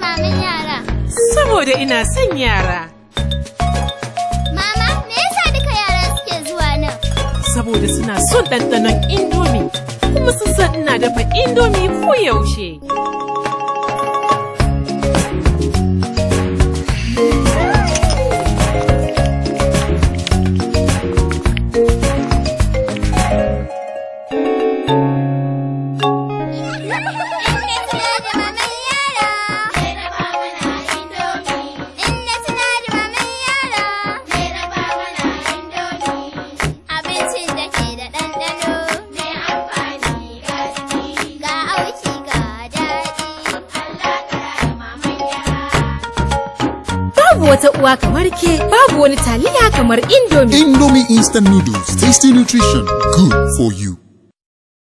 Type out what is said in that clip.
maman yara? Saboda ina son yara. Mama, me yasa duka yara suke zuwa nan? Saboda suna son ɗanɗanon indomi, kuma sun san ina dafa indomi ko yaushe. Babu wata uwa kamar ke, babu wani taliya kamar Indomie. Indomie instant noodles, tasty nutrition, good for you.